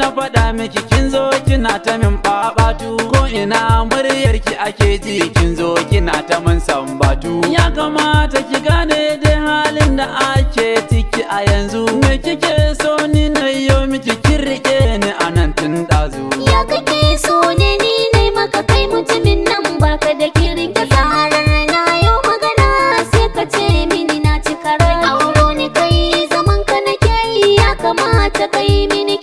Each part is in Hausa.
na faɗa miki kin zo kina ta min babatu ko ina muryar ki ake ji kin zo kina ta min sambatu ya kamata ki gane dai halin da ake ciki a yanzu me kike so ni na yo miki kin ni anan tun dazu ya kake so ne ni ne maka kai mutumin nan baka da kirin ka na magana ka ce mini na kai zaman kamata kai mini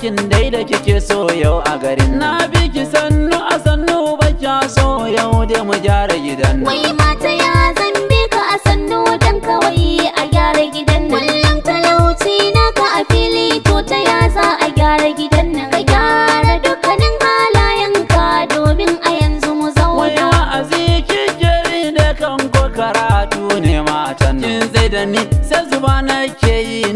kin dai da kike so yau a garin na bi ki sannu a sannu ba so yau dai mu gyara gidan nan wai mata ya zan ka a sannu dan kawai a gyara gidan nan kullum talauci naka a fili to ta ya za a gyara gidan nan ka gyara dukkanin halayenka domin a yanzu mu zauna wai wa'azi gari da kan ko karatu ne matan kin zai da ni sai zuba nake yi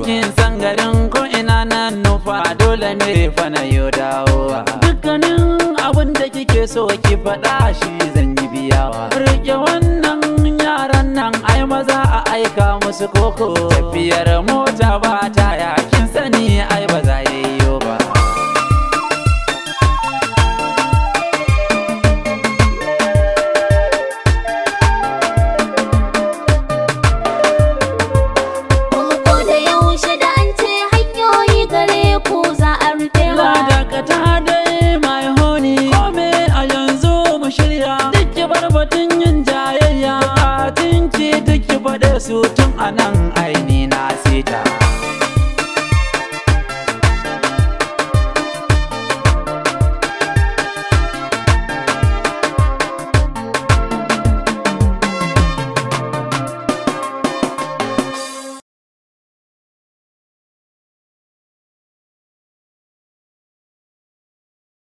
ba Kin ko ina na nufa dole ne fana yau dawowa Dukkanin abin da kike so ki faɗa shi zan yi biyawa Rike wannan yaran nan ai maza a aika musu koko Tafiyar mota ba ta su tun anan a